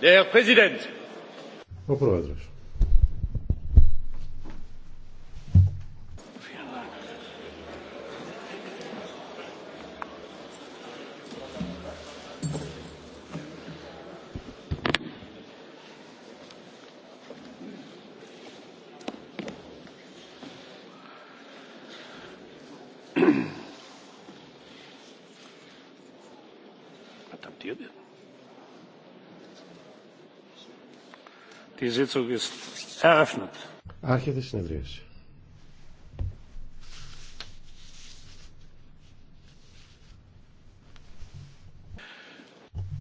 Der Präsident. Ο Πρόεδρος. Die Sitzung ist eröffnet.